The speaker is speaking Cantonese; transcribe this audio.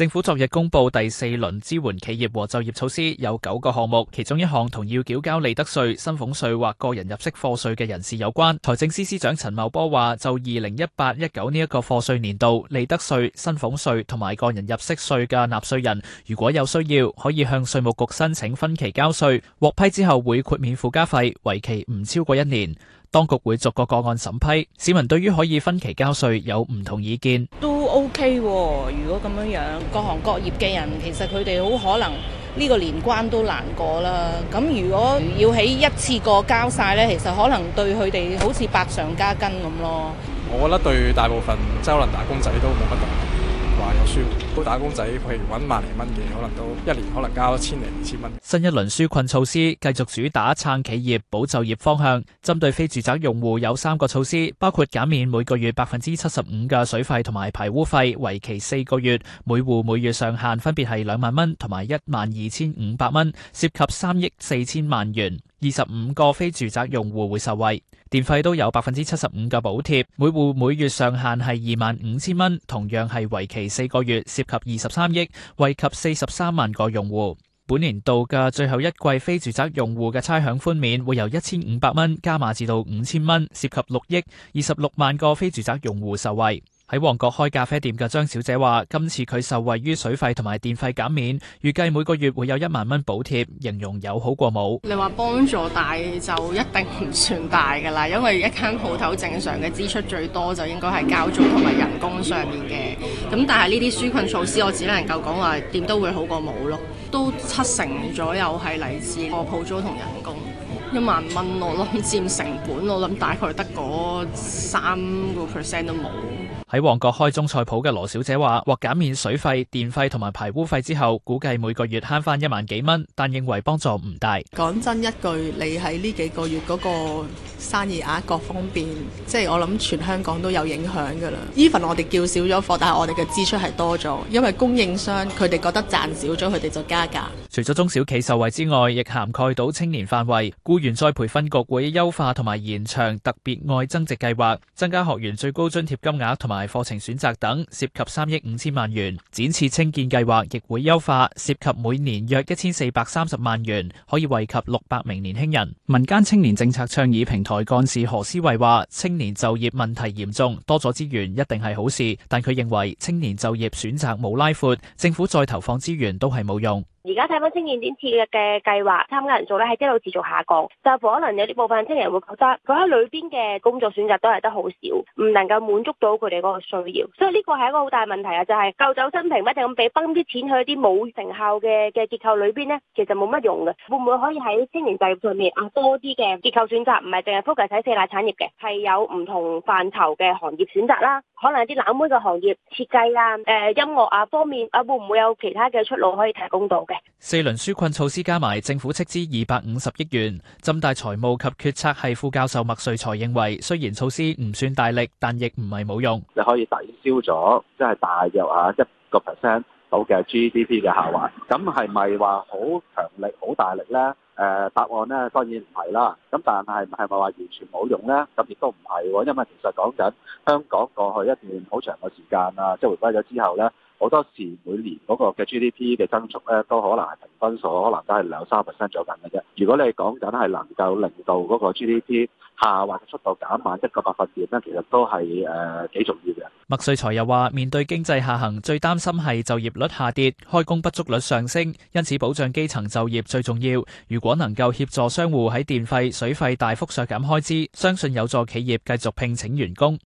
政府昨日公布第四輪支援企業和就業措施，有九個項目，其中一項同要繳交利得稅、薪俸稅或個人入息課稅嘅人士有關。財政司司長陳茂波話：就二零一八一九呢一個課稅年度，利得稅、薪俸稅同埋個人入息稅嘅納稅人，如果有需要，可以向稅務局申請分期交稅，獲批之後會豁免附加費，為期唔超過一年。當局會逐個個案審批，市民對於可以分期交稅有唔同意見，都 OK。如果咁樣樣，各行各業嘅人其實佢哋好可能呢個年關都難過啦。咁如果要喺一次過交晒呢，其實可能對佢哋好似百上加斤咁咯。我覺得對大部分周能打工仔都冇乜話有舒緩。都打工仔，譬如揾萬零蚊嘅，可能都一年可能交一千零二千蚊。新一輪紓困措施繼續主打撐企業、保就業方向，針對非住宅用戶有三個措施，包括減免每個月百分之七十五嘅水費同埋排污費，為期四個月，每戶每月上限分別係兩萬蚊同埋一萬二千五百蚊，涉及三億四千萬元，二十五個非住宅用戶會受惠。電費都有百分之七十五嘅補貼，每戶每月上限係二萬五千蚊，同樣係為期四個月。涉及二十三億，惠及四十三萬個用戶。本年度嘅最後一季非住宅用戶嘅差餉寬免會由一千五百蚊加碼至到五千蚊，涉及六億二十六萬個非住宅用戶受惠。喺旺角開咖啡店嘅張小姐話，今次佢受惠於水費同埋電費減免，預計每個月會有一萬蚊補貼，形容有好過冇。你話幫助大就一定唔算大噶啦，因為一間鋪頭正常嘅支出最多就應該係交租同埋人工上面嘅。咁但係呢啲紓困措施，我只能夠講話點都會好過冇咯。都七成左右係嚟自個鋪租同人工，一萬蚊我諗佔成本，我諗大概得嗰三個 percent 都冇。喺旺角開中菜鋪嘅羅小姐話，獲減免水費、電費同埋排污費之後，估計每個月慳翻一萬幾蚊，但認為幫助唔大。講真一句，你喺呢幾個月嗰個。生意額各方面，即係我諗全香港都有影響噶啦。even 我哋叫少咗貨，但係我哋嘅支出係多咗，因為供應商佢哋覺得賺少咗，佢哋就加價。除咗中小企受惠之外，亦涵蓋到青年範圍，僱員再培訓局會優化，同埋延長特別愛增值計劃，增加學員最高津貼金額同埋課程選擇等，涉及三億五千萬元。展翅青見計劃亦會優化，涉及每年約一千四百三十萬元，可以惠及六百名年輕人。民間青年政策倡議平台台幹事何思慧話：青年就業問題嚴重，多咗資源一定係好事，但佢認為青年就業選擇冇拉闊，政府再投放資源都係冇用。而家睇翻青年展設嘅嘅計劃，參加人數咧係一路持續下降。就是、可能有啲部分青年人會覺得，佢喺裏邊嘅工作選擇都係得好少，唔能夠滿足到佢哋嗰個需要。所以呢個係一個好大問題啊！就係、是、救走新瓶唔定咁俾分啲錢去啲冇成效嘅嘅結構裏邊咧，其實冇乜用嘅。會唔會可以喺青年就業上面啊多啲嘅結構選擇，唔係淨係 focus 喺四大產業嘅，係有唔同範疇嘅行業選擇啦？可能啲冷門嘅行業設計啊、誒、呃、音樂啊方面啊，會唔會有其他嘅出路可以提供到嘅？四輪紓困措施加埋，政府斥資二百五十億元。浸大財務及決策係副教授麥萃才認為，雖然措施唔算大力，但亦唔係冇用。你可以抵消咗，即係大約吓一個 percent 到嘅 GDP 嘅下滑。咁係咪話好強力、好大力咧？誒答案咧當然唔係啦，咁但係係咪話完全冇用咧？咁亦都唔係喎，因為其實講緊香港過去一段好長嘅時間啊，即係回歸咗之後咧。好多時每年嗰個嘅 GDP 嘅增速咧，都可能係平均數，可能都係兩三 percent 做緊嘅啫。如果你講緊係能夠令到嗰個 GDP 下滑嘅速度減慢一個百分點咧，其實都係誒幾重要嘅。麥瑞才又話：面對經濟下行，最擔心係就業率下跌、開工不足率上升，因此保障基層就業最重要。如果能夠協助商戶喺電費、水費大幅削減開支，相信有助企業繼續聘請員工。